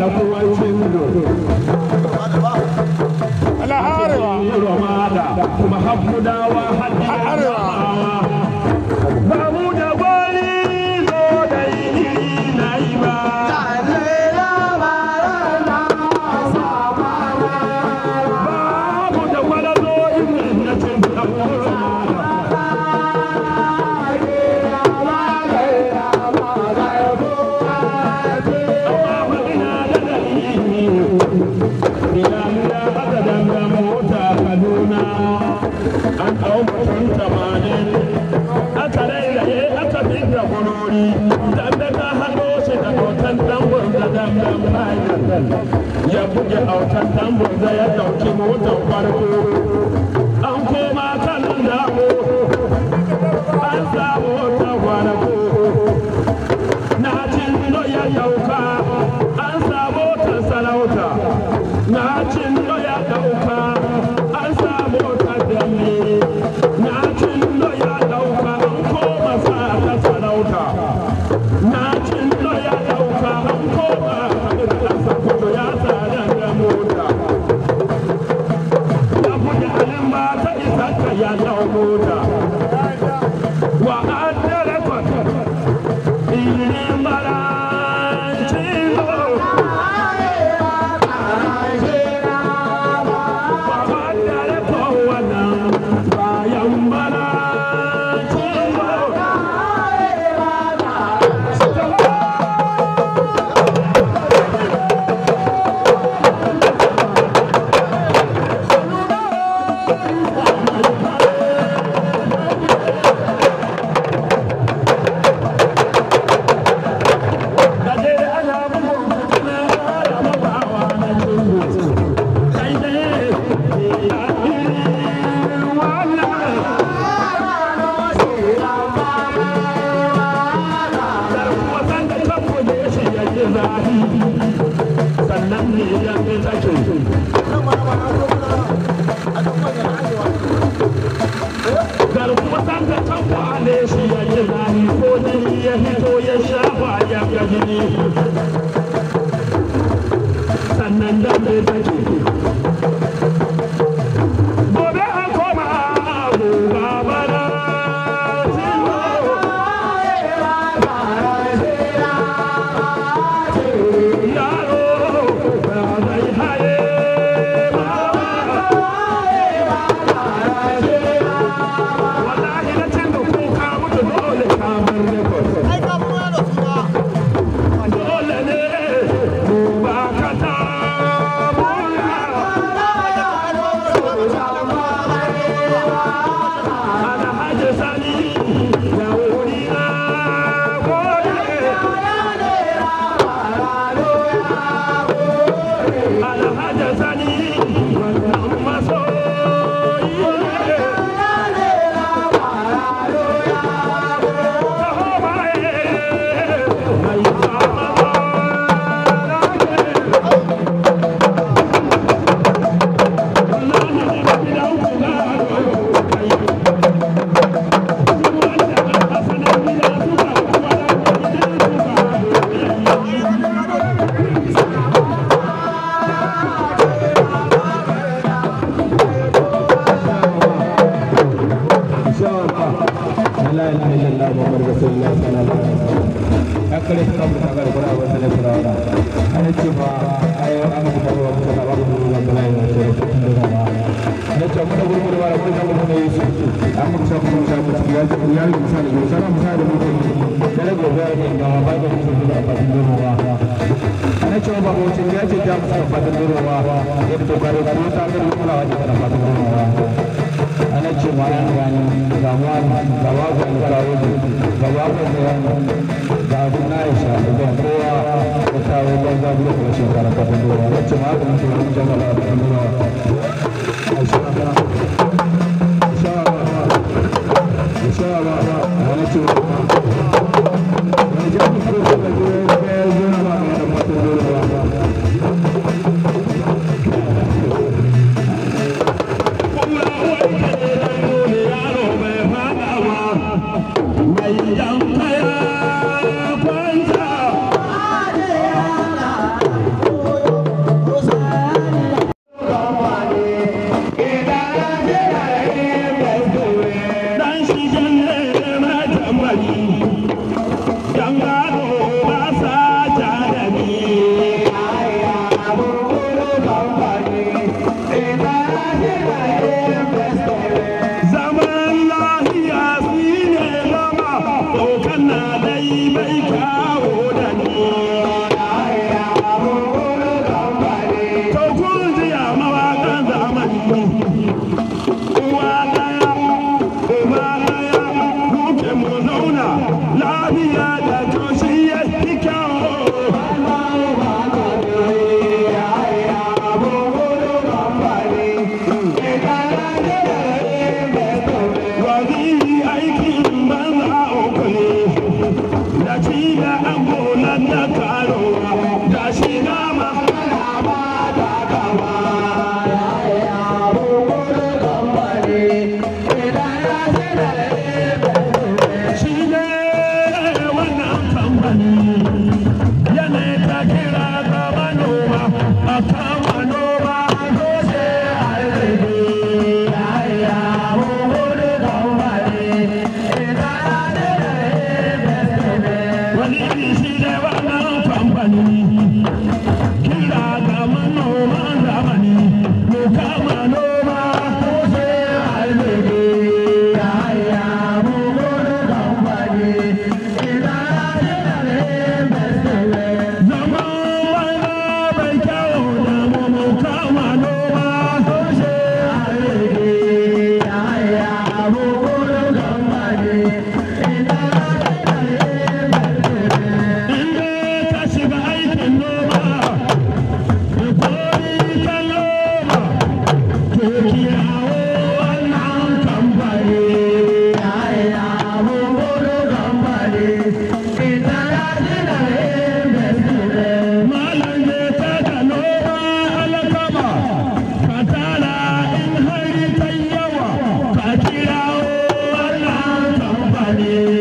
na kowa cikin Allah harewa kuma ya buge a wutar tambon zai ya dauki motar kwanakoro garkuwa san ka can wane shi ya kira ni ko dani ya hito ya shafa ya la ilaha illallah muhammad rasulullah sallallahu alaihi wasallam akare sura mu ne da ne ya yi da ne ba da ba ya ce da ta da mu kula wa da da ruwa ana ce ma yan gani ga wani ga wani ga wani ga wani wani ya kuma shekara kafin dowa ana ce ma haka mutum kira ga manoma a Amen.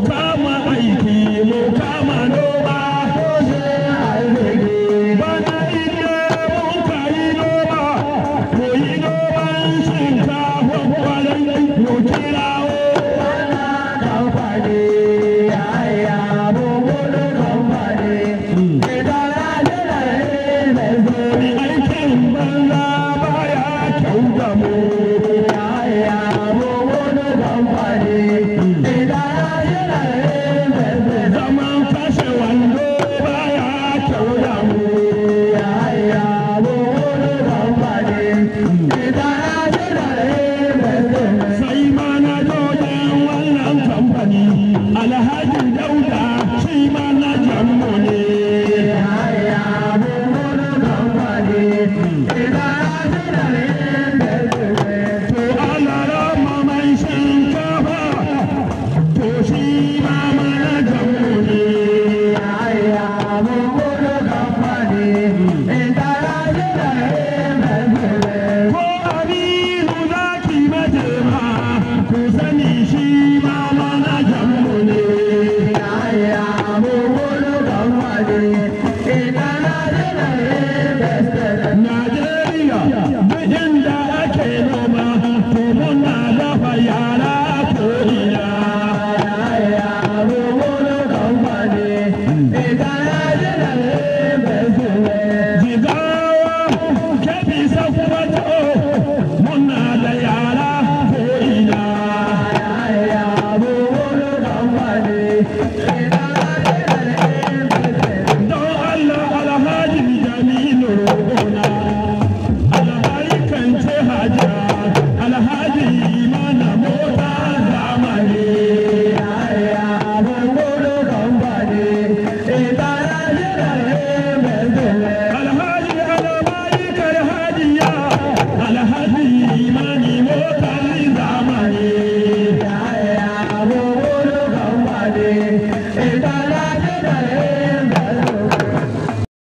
Opa!